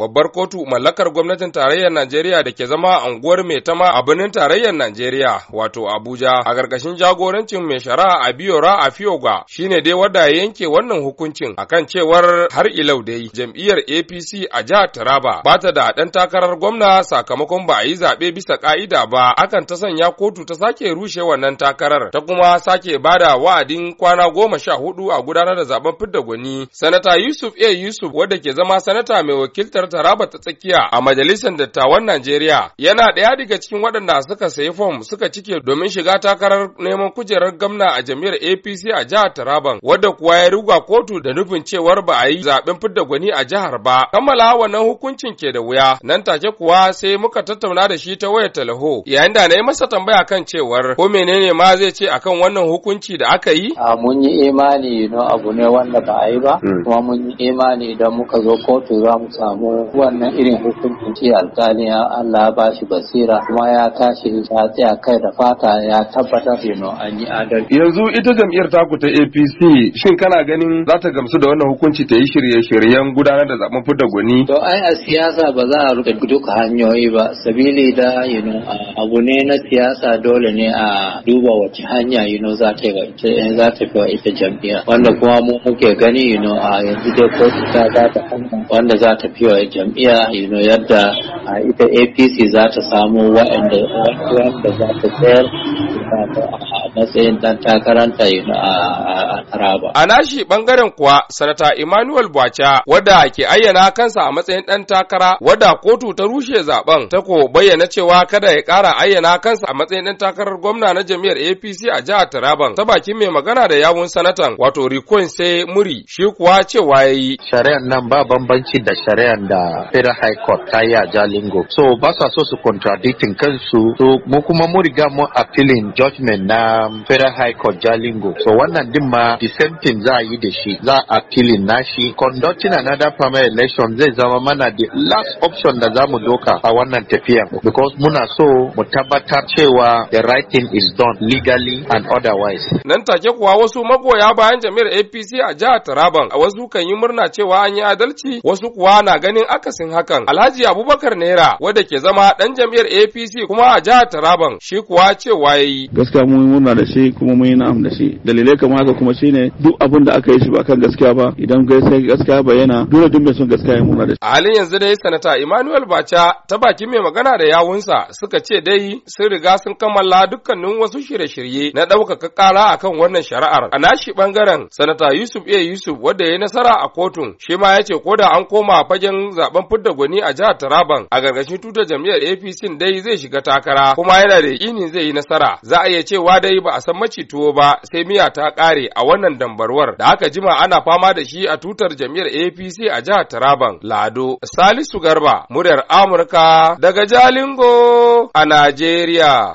Babbar kotu mallakar gwamnatin tarayyar Najeriya da ke zama a unguwar tama a birnin tarayyar Najeriya wato Abuja a ƙarƙashin jagorancin mai shari'a Abiyora Afioga shine dai wadda ya yanke wannan hukuncin a kan cewar har ilau dai jam'iyyar APC a jihar Taraba ba ta da ɗan takarar gwamna sakamakon ba a yi zaɓe bisa ƙa'ida ba akan ta sanya kotu ta sake rushe wannan takarar ta kuma sake bada wa'adin kwana goma sha hudu a gudanar da zaben fidda gwani. Sanata Yusuf A Yusuf wadda ke zama sanata mai wakiltar jihar Taraba ta tsakiya a majalisar dattawan Najeriya yana ɗaya daga cikin waɗanda suka sayi fom suka cike domin shiga takarar neman kujerar gwamna a jam'iyyar APC a jihar Taraban wadda kuwa ya ruga kotu da nufin cewar ba a yi zaben fidda gwani a jihar ba. Kammala wannan hukuncin ke da wuya nan take kuwa sai muka tattauna da shi ta wayar talaho yayin da na yi masa tambaya kan cewar ko menene ma zai ce akan wannan hukunci da aka yi? A mun yi imani no abu ne wanda ba a yi ba hmm. kuma mun yi imani idan muka zo kotu za mu samu wannan irin hukuncin ci alƙali Allah ba shi basira kuma ya tashi ya tsaya kai da fata ya tabbatar da an yi adalci. Yanzu ita jam'iyyar taku ta APC shin kana ganin za ta gamsu da wannan hukunci ta yi shirye-shiryen gudanar da zaben fidda gwani? To ai a siyasa ba za a rufe duka hanyoyi ba sabili da yino abu ne na siyasa dole ne a duba wace hanya yino za ta za ta fi ita jam'iyyar wanda kuma mu muke gani yino a yanzu dai kotu ta ta wanda za ta fi wa jam'iyya yadda a ita apc za ta samu waɗanda za ta tsayar matsayin dan takaranta a Taraba. A nashi bangaren kuwa sanata Emmanuel Bwacha wadda ke ayyana kansa a matsayin dan takara wadda kotu ta rushe zaben ta ko bayyana cewa kada ya kara ayyana kansa a matsayin dan takarar gwamna na jami'ar APC a jihar Taraban ta bakin mai magana da yawun sanatan wato Rikon sai muri shi kuwa cewa yayi shari'ar nan ba bambanci da shari'ar da Federal High Court ta yi a Jalingo so ba sa so su contradicting kansu so mu kuma mu riga mu appealing judgment na um, federal high court jalingo so wannan din ma the same thing za a yi da shi za a filin nashi conducting another primary election zai zama mana the last option da za mu doka a wannan tafiya. because muna so mu tabbatar cewa the right thing is done legally and otherwise nan take kuwa wasu magoya bayan jami'ar APC a jihar Taraban a wasu kan yi murna cewa an yi adalci wasu kuwa na ganin akasin hakan Alhaji Abubakar Naira wanda ke zama dan jami'ar APC kuma a jihar Taraban shi kuwa cewa yayi gaskiya mun muna da shi kuma mun yi na'am da shi dalilai kamar haka kuma shine duk abin da aka yi shi ba kan gaskiya ba idan gaskiya gaskiya bayyana dole duk mai son gaskiya ya muna da shi a halin yanzu dai sanata Emmanuel Bacha ta bakin mai magana da yawunsa suka ce dai sun riga sun kammala dukkanin wasu shirye-shirye na ɗaukaka ƙara akan wannan shari'ar a nashi bangaren sanata Yusuf A Yusuf wanda ya yi nasara a kotun shi ma ya ce ko da an koma fagen zaben fidda gwani a jihar Taraban a gargashin tutar jam'iyyar APC dai zai shiga takara kuma yana da yakini zai yi nasara za a iya cewa dai yi ba a san macituwo ba sai miya ta kare a wannan dambarwar da aka jima ana fama da shi a tutar jam'iyyar APC a jihar Taraban. Lado Salisu Garba, muryar Amurka daga Jalingo a Najeriya.